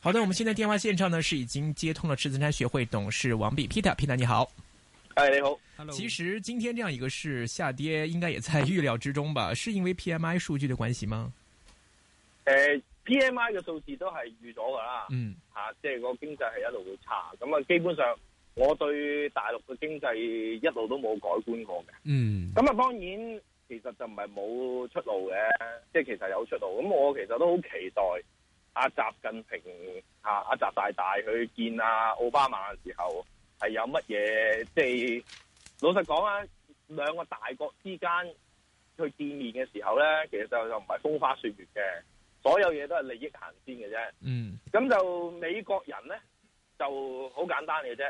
好的，我們現在電話線上呢是已經接通了獅子山學會董事王弼 Peter，Peter 你好。誒、hey，你好，Hello. 其實今天這樣一個市下跌，應該也在預料之中吧？是因為 P M I 數據的關係嗎？誒、呃、P M I 嘅數字都係預咗噶啦。嗯，吓、啊，即係個經濟係一路會差，咁啊基本上我對大陸嘅經濟一路都冇改觀過嘅。嗯，咁啊當然其實就唔係冇出路嘅，即係其實有出路。咁我其實都好期待。阿習近平啊，阿習大大去見阿奧巴馬嘅時候，係有乜嘢？即係老實講啊，兩個大國之間去見面嘅時候咧，其實就就唔係風花雪月嘅，所有嘢都係利益行先嘅啫。嗯，咁就美國人咧就好簡單嘅啫，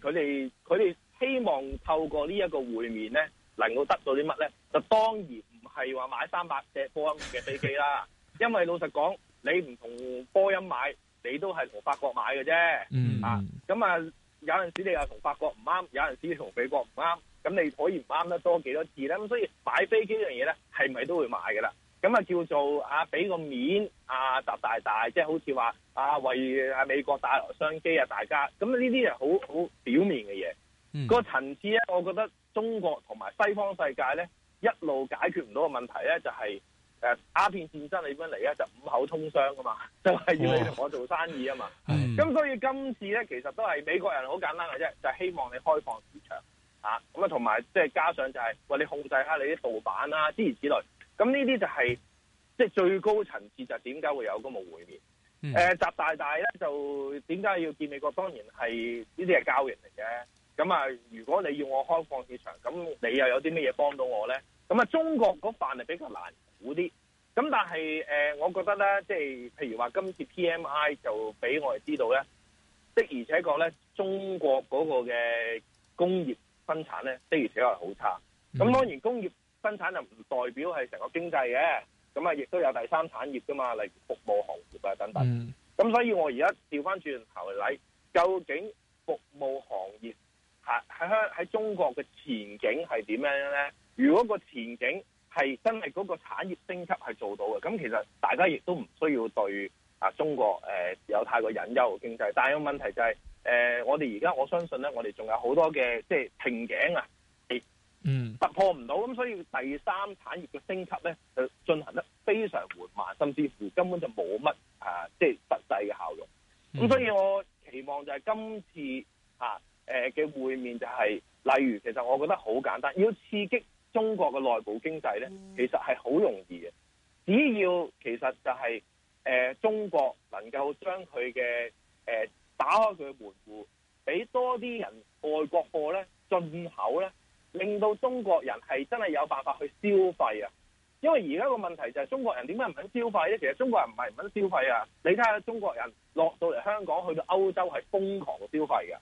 佢哋佢哋希望透過呢一個會面咧，能夠得到啲乜咧？就當然唔係話買三百隻波音嘅飛機啦， 因為老實講。你唔同波音買，你都係同法國買嘅啫、嗯。啊，咁啊有陣時你又同法國唔啱，有陣時同美國唔啱，咁你可以唔啱得多幾多次咧。咁所以擺飛機呢樣嘢咧，係咪都會買嘅啦？咁啊叫做啊俾個面啊，習大大，即係好似話啊為啊美國帶來商機啊，大家。咁呢啲係好好表面嘅嘢。嗯，那個層次咧，我覺得中國同埋西方世界咧，一路解決唔到嘅問題咧，就係。誒，鴉片戰爭你點樣嚟咧？就五口通商㗎嘛，就係、是、要你同我做生意啊嘛。咁、oh. mm. 所以今次咧，其實都係美國人好簡單嘅啫，就是、希望你開放市場咁啊，同埋即係加上就係、是，喂，你控制下你啲盜版啦，諸如此類。咁呢啲就係即係最高層次，就點解會有咁嘅會面？誒、mm. 呃，習大大咧就點解要見美國？當然係呢啲係交易嚟嘅。咁啊，如果你要我開放市場，咁你又有啲咩嘢幫到我咧？咁啊，中國嗰飯係比較難。好、嗯、啲，咁但係誒、呃，我覺得咧，即係譬如話今次 P M I 就俾我哋知道咧，的而且確咧，中國嗰個嘅工業生產咧，的而且確係好差。咁當然，工業生產就唔代表係成個經濟嘅，咁啊，亦都有第三產業噶嘛，例如服務行業啊等等。咁、嗯、所以我而家調翻轉頭嚟，睇，究竟服務行業喺喺香喺中國嘅前景係點樣樣咧？如果個前景，係真係嗰個產業升級係做到嘅，咁其實大家亦都唔需要對啊中國誒、呃、有太過隱憂經濟，但係個問題就係、是、誒、呃、我哋而家我相信咧，我哋仲有好多嘅即係瓶頸啊，係嗯突破唔到，咁所以第三產業嘅升級咧，就進行得非常緩慢，甚至乎根本就冇乜啊即係實際嘅效用。咁所以我期望就係今次吓誒嘅會面就係、是，例如其實我覺得好簡單，要刺激。嗯、中國嘅內部經濟呢，其實係好容易嘅。只要其實就係、是、誒、呃，中國能夠將佢嘅誒打開佢嘅門戶，俾多啲人外國貨呢，進口呢，令到中國人係真係有辦法去消費啊！因為而家個問題就係、是、中國人點解唔肯消費呢？其實中國人唔係唔肯消費啊！你睇下中國人落到嚟香港，去到歐洲係瘋狂嘅消費嘅。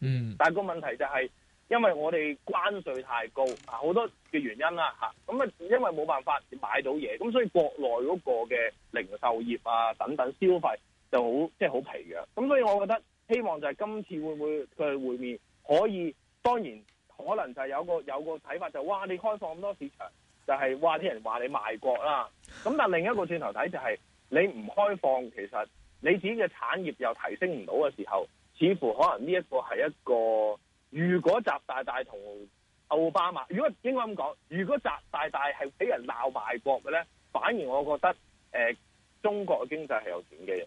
嗯，但係個問題就係、是。因為我哋關稅太高，啊好多嘅原因啦嚇，咁啊因為冇辦法買到嘢，咁所以國內嗰個嘅零售業啊等等消費就好即係好疲弱。咁所以我覺得希望就係今次會唔會嘅會面可以，當然可能就係有個有個睇法就係哇你開放咁多市場，就係哇啲人話你賣國啦。咁但另一個轉頭睇就係你唔開放，其實你自己嘅產業又提升唔到嘅時候，似乎可能呢一個係一個。如果習大大同奧巴馬，如果應該咁講？如果習大大係俾人鬧賣國嘅咧，反而我覺得誒、呃，中國嘅經濟係有轉機嘅。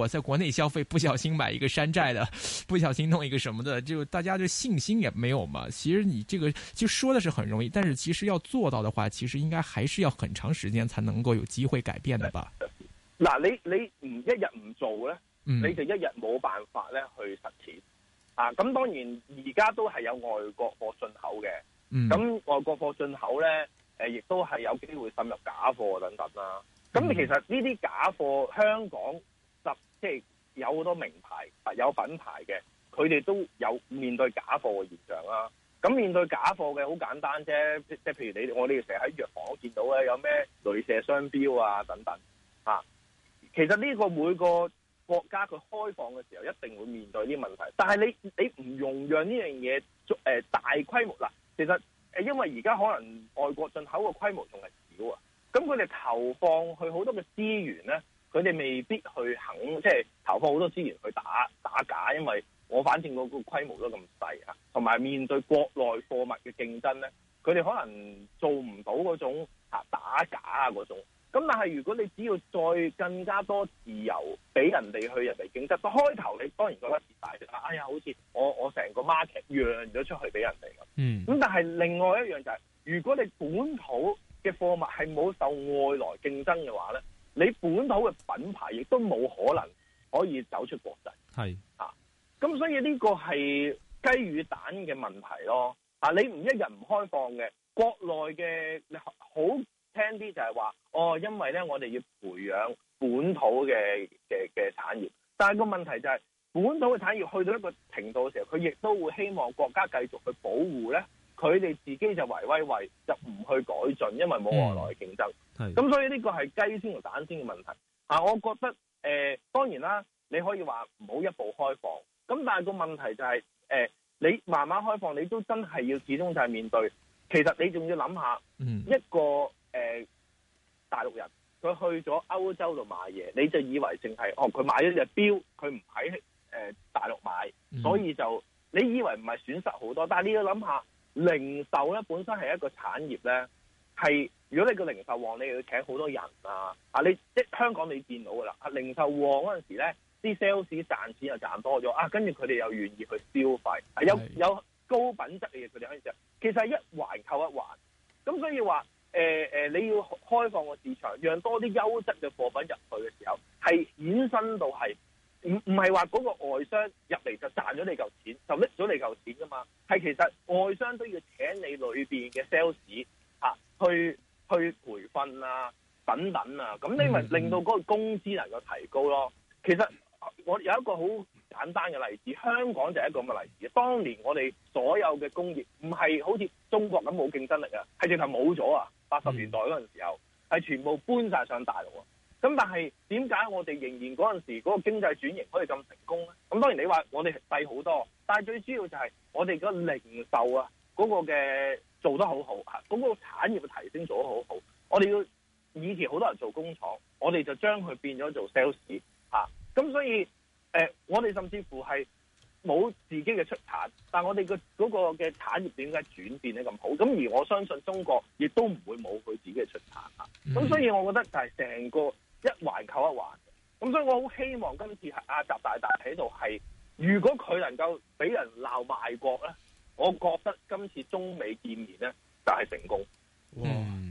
我在國內消費，不小心買一個山寨的，不小心弄一個什麼的，就大家就信心也沒有嘛。其實你這個就說的是很容易，但是其實要做到的話，其實應該還是要很長時間才能夠有機會改變的吧。嗱，你你唔一日唔做呢、嗯，你就一日冇辦法咧去實踐啊。咁當然而家都係有外國貨進口嘅，咁、嗯、外國貨進口呢，誒、呃，亦都係有機會滲入假貨等等啦。咁其實呢啲假貨，香港。即係有好多名牌，有品牌嘅，佢哋都有面對假貨嘅現象啦。咁面對假貨嘅好簡單啫，即係譬如你我哋成日喺藥房都見到咧，有咩鐳射商標啊等等吓，啊。其實呢個每個國家佢開放嘅時候，一定會面對啲問題。但係你你唔容讓呢樣嘢，誒、呃、大規模啦，啊。其實誒，因為而家可能外國進口嘅規模仲係少啊，咁佢哋投放去好多嘅資源咧。佢哋未必去肯即係投放好多資源去打打假，因為我反正個規模都咁細啊，同埋面對國內貨物嘅競爭咧，佢哋可能做唔到嗰種吓打假啊嗰種咁。但係如果你只要再更加多自由俾人哋去人哋競爭到開頭，你當然覺得事大啲啦。哎呀，好似我我成個 market 讓咗出去俾人哋咁。嗯。咁但係另外一樣就係、是，如果你本土嘅貨物係冇受外來競爭嘅話咧。你本土嘅品牌亦都冇可能可以走出國際，係啊，咁所以呢個係雞與蛋嘅問題咯。啊，你唔一日唔開放嘅，國內嘅你好聽啲就係話哦，因為咧我哋要培養本土嘅嘅嘅產業，但係個問題就係、是、本土嘅產業去到一個程度嘅時候，佢亦都會希望國家繼續去保護咧。佢哋自己就唯威維就唔去改進，因為冇外來競爭。咁、嗯、所以呢個係雞先同蛋先嘅問題。啊，我覺得誒、呃、當然啦，你可以話唔好一步開放。咁但係個問題就係、是、誒、呃、你慢慢開放，你都真係要始終就係面對。其實你仲要諗下、嗯、一個誒、呃、大陸人佢去咗歐洲度買嘢，你就以為淨係哦佢買咗隻錶，佢唔喺誒大陸買。嗯、所以就你以為唔係損失好多，但係你要諗下。零售咧，本身係一個產業咧，係如果你個零售旺，你要請好多人啊，啊你即香港你見到噶啦，啊零售旺嗰陣時咧，啲 sales 賺錢又賺多咗啊，跟住佢哋又願意去消費，啊，有有高品質嘅嘢，佢哋可以食，其實係一環扣一環，咁所以話誒誒你要開放個市場，讓多啲優質嘅貨品入去嘅時候，係衍生到係。唔唔係話嗰個外商入嚟就賺咗你嚿錢，就拎咗你嚿錢噶嘛？係其實外商都要請你裏邊嘅 sales、啊、去去培訓啊等等啊，咁你咪令到嗰個工資能夠提高咯。其實我有一個好簡單嘅例子，香港就係一個咁嘅例子。當年我哋所有嘅工業唔係好似中國咁冇競爭力啊，係直頭冇咗啊！八十年代嗰陣時候係全部搬晒上大陸啊！咁但係點解我哋仍然嗰陣時嗰個經濟轉型可以咁成功咧？咁當然你話我哋係細好多，但係最主要就係我哋個零售啊嗰個嘅做得好好吓，嗰個產業嘅提升做得好好。我哋要以前好多人做工廠，我哋就將佢變咗做 sales 吓。咁所以誒、呃，我哋甚至乎係冇自己嘅出產，但我哋嘅嗰個嘅產業點解轉變得咁好？咁而我相信中國亦都唔會冇佢自己嘅出產吓。咁所以我覺得就係成個。一環扣一環，咁所以我好希望今次阿習大大喺度係，如果佢能夠俾人鬧賣國咧，我覺得今次中美見面咧就係成功。哇。嗯。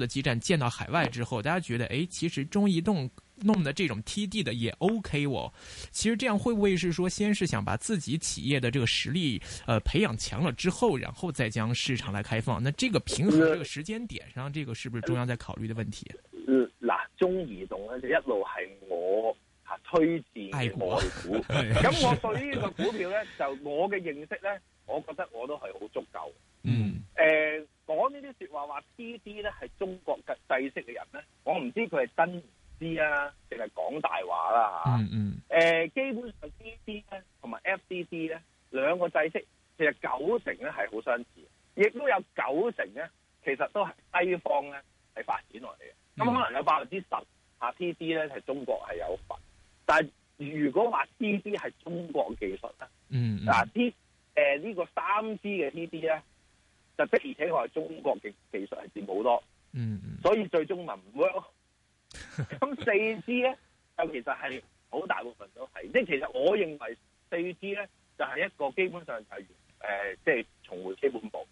的基站建到海外之後，大家覺得，哎，其實中移動弄的這種 TD 的也 OK 哦。其實這樣會不會是說，先是想把自己企業的這個實力呃培養強了之後，然後再將市場來開放？那這個平衡這個時間點上，這個是不是中央在考慮的問題？嗯，嗱，中移動呢就一路係我啊推薦嘅個股，咁 我對呢個股票呢，就我嘅認識呢，我覺得我都係好足夠。嗯，誒、呃。講呢啲說話話 T D 咧係中國嘅制式嘅人咧，我唔知佢係真知啊，定係講大話啦吓。嗯誒，基本上 T D 咧同埋 F D D 咧兩個制式，其實九成咧係好相似，亦都有九成咧其實都係西方咧係發展落嚟嘅。咁、mm -hmm. 可能有百分之十啊 T D 咧係中國係有份，但係如果話 T D 係中國技術咧，嗯、mm -hmm. 呃，嗱 T 誒呢個三 G 嘅 T D 咧。的，而且我係中國嘅技術係佔好多，嗯，嗯，所以最中文唔會。咁四 G 咧就其實係好大部分都係，即係其實我認為四 G 咧就係、是、一個基本上就係誒即係重回基本步，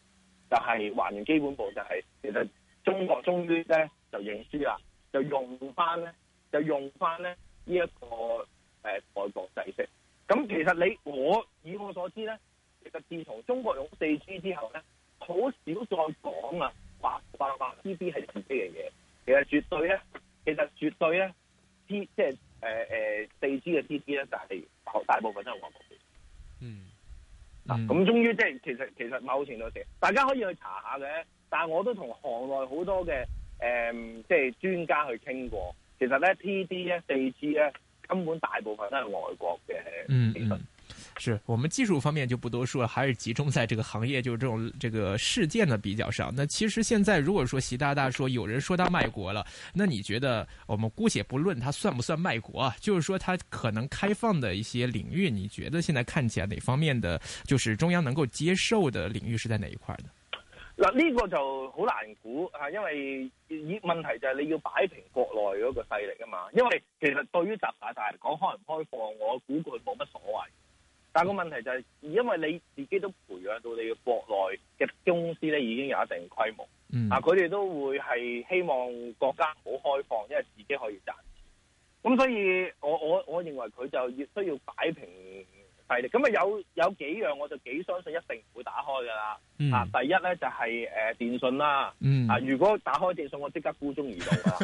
就係、是、還原基本步、就係，就係其實中國終於咧就認輸啦，就用翻咧就用翻咧呢一、這個誒外、呃、國製式。咁其實你我以我所知咧，其實自從中國用四 G 之後咧。好 少再講啊！百百百 T D 係自己嘅嘢，其實絕對咧，其實絕對咧，T 即係誒誒四 G 嘅 T D 咧，就、呃、係大，大部分都係外國嘅。嗯，嗱、嗯，咁、啊啊嗯嗯、終於即係其實其實，其實某程度上，大家可以去查下嘅。但係我都同行內好多嘅誒，即、呃、係、就是、專家去傾過，其實咧 T D 咧四 G 咧根本大部分都係外國嘅、呃。嗯嗯。是我們技術方面就不多說了，還是集中在這個行業，就是這種這個事件的比較上。那其實現在，如果說習大大說有人說他賣國了，那你覺得我們姑且不論他算不算賣國啊？就是說他可能開放的一些領域，你覺得現在看起來哪方面的就是中央能夠接受的領域是在哪一塊呢？嗱，呢個就好難估啊，因為以問題就係你要擺平國內嗰個勢力啊嘛。因為其實對於習大大嚟講，開唔開放，我估佢冇乜所謂。但個問題就係，因為你自己都培養到你嘅國內嘅公司咧，已經有一定規模，嗯，啊，佢哋都會係希望國家好開放，因為自己可以賺錢。咁所以我我我認為佢就越需要擺平勢力。咁啊有有幾樣我就幾相信一定唔會打開噶啦、嗯。啊，第一咧就係、是、誒、呃、電信啦、嗯。啊，如果打開電信，我即刻孤中移動噶。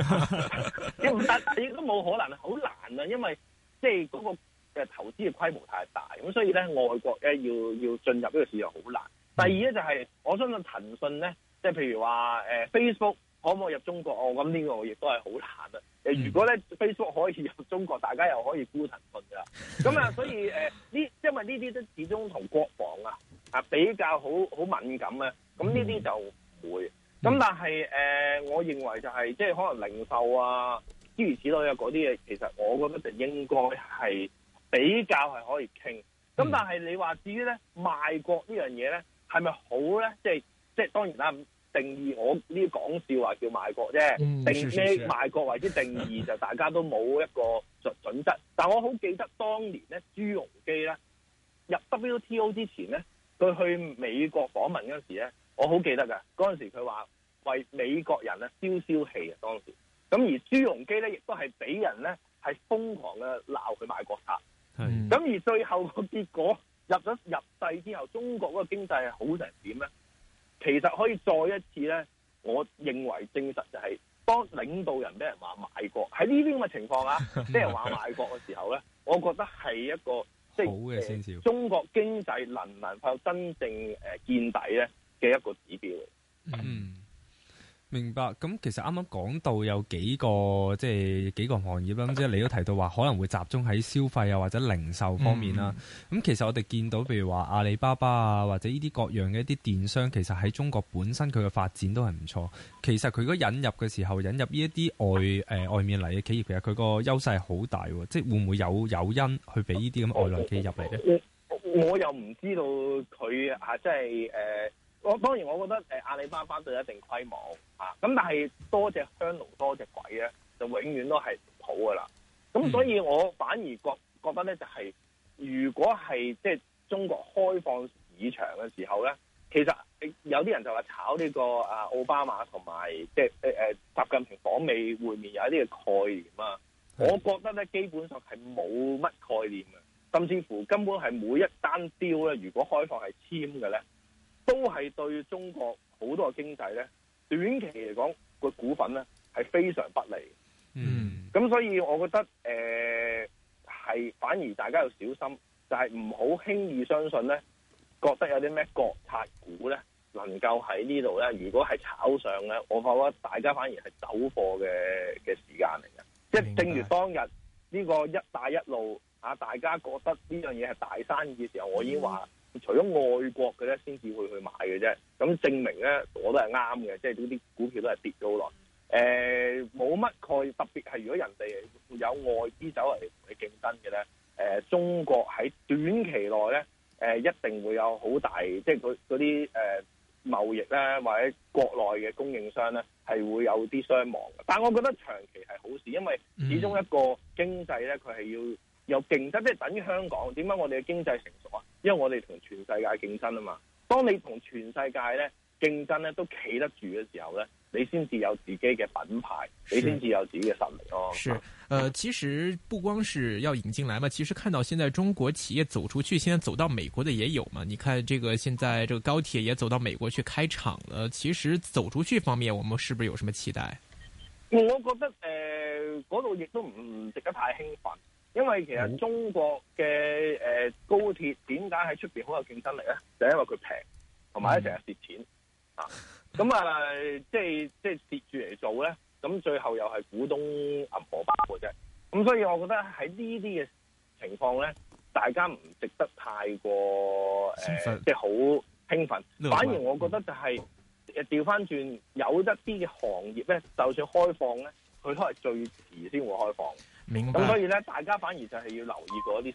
亦 都冇可能，好難啊，因為即係嗰，那個。嘅投資嘅規模太大，咁所以咧外國咧要要進入呢個市場好難。第二咧就係、是、我相信騰訊咧，即、就、係、是、譬如話誒、呃、Facebook 可唔可以入中國？哦咁呢個我亦都係好難啊！誒，如果咧 Facebook 可以入中國，大家又可以沽騰訊噶啦，咁啊，所以誒呢、呃，因為呢啲都始終同國防啊啊比較好好敏感啊。咁呢啲就唔會。咁但係誒、呃，我認為就係、是、即係可能零售啊，諸如此類啊嗰啲嘢，其實我覺得就應該係。比較係可以傾，咁但係你話至於咧賣國這件事呢樣嘢咧，係咪好咧？即係即係當然啦、啊，定義我呢啲講笑話叫賣國啫、嗯。定咩賣國為之定義、嗯、就大家都冇一個準、嗯、準則。但係我好記得當年咧，朱鎔基咧入 WTO 之前咧，佢去美國訪問嗰時咧，我好記得㗎。嗰陣時佢話為美國人啊消消氣啊，當時。咁而朱鎔基咧亦都係俾人咧係瘋狂嘅鬧佢賣國賊。咁、嗯、而最後個結果入咗入世之後，中國嗰個經濟係好成點咧？其實可以再一次咧，我認為證實就係、是、當領導人俾人話賣國喺呢啲咁嘅情況啊，俾 人話賣國嘅時候咧，我覺得係一個即係、 就是呃、好嘅先兆。中國經濟能唔能夠真正誒見底咧嘅一個指標嚟？嗯。明白，咁其實啱啱講到有幾個即係幾個行業啦，即係你都提到話可能會集中喺消費又或者零售方面啦。咁、嗯、其實我哋見到，譬如話阿里巴巴啊，或者呢啲各樣嘅一啲電商，其實喺中國本身佢嘅發展都係唔錯。其實佢如果引入嘅時候引入呢一啲外、呃、外面嚟嘅企業，其實佢個優勢係好大，即係會唔會有有因去俾呢啲咁外來企業入嚟咧？我又唔知道佢啊，即係誒。呃我當然，我覺得誒阿里巴巴都有一定規模嚇，咁但係多隻香爐多隻鬼咧，就永遠都係唔好噶啦。咁所以我反而覺覺得咧、就是，就係如果係即係中國開放市場嘅時候咧，其實有啲人就話炒呢個啊奧巴馬同埋即係誒誒習近平訪美會面有一啲嘅概念啊，我覺得咧基本上係冇乜概念嘅，甚至乎根本係每一單 deal 咧，如果開放係簽嘅咧。都係對中國好多嘅經濟咧，短期嚟講個股份咧係非常不利的。嗯，咁所以我覺得誒係、呃、反而大家要小心，就係唔好輕易相信咧，覺得有啲咩國策股咧能夠喺呢度咧，如果係炒上咧，我發覺得大家反而係走貨嘅嘅時間嚟嘅，即係正如當日呢個一帶一路啊，大家覺得呢樣嘢係大生意嘅時候，我已經話。除咗外國嘅咧，先至會去買嘅啫。咁證明咧，我都係啱嘅，即係呢啲股票都係跌咗好耐。誒、呃，冇乜概，特別係如果人哋有外資走嚟同你競爭嘅咧，誒、呃，中國喺短期內咧，誒、呃，一定會有好大，即係佢嗰啲誒貿易咧，或者國內嘅供應商咧，係會有啲傷亡嘅。但係我覺得長期係好事，因為始終一個經濟咧，佢係要。由競爭即係等於香港，點解我哋嘅經濟成熟啊？因為我哋同全世界競爭啊嘛。當你同全世界咧競爭咧都企得住嘅時候咧，你先至有自己嘅品牌，你先至有自己嘅實力咯，啊。是，呃，其實不光是要引進來嘛，其實看到現在中國企業走出去，現在走到美國的也有嘛。你看這個現在這個高鐵也走到美國去開廠了。其實走出去方面，我們是不是有什麼期待？我覺得誒，嗰度亦都唔值得太興奮。因為其實中國嘅誒、呃、高鐵點解喺出邊好有競爭力咧？就係、是、因為佢平，同埋一成日蝕錢、嗯、啊！咁啊、呃，即係即係蝕住嚟做咧，咁最後又係股東銀荷包嘅啫。咁所以我覺得喺呢啲嘅情況咧，大家唔值得太過誒、呃、即係好興奮。反而我覺得就係誒調翻轉，有一啲嘅行業咧，就算開放咧，佢都係最遲先會開放。明白，所以咧，大家反而就係要留意嗰啲。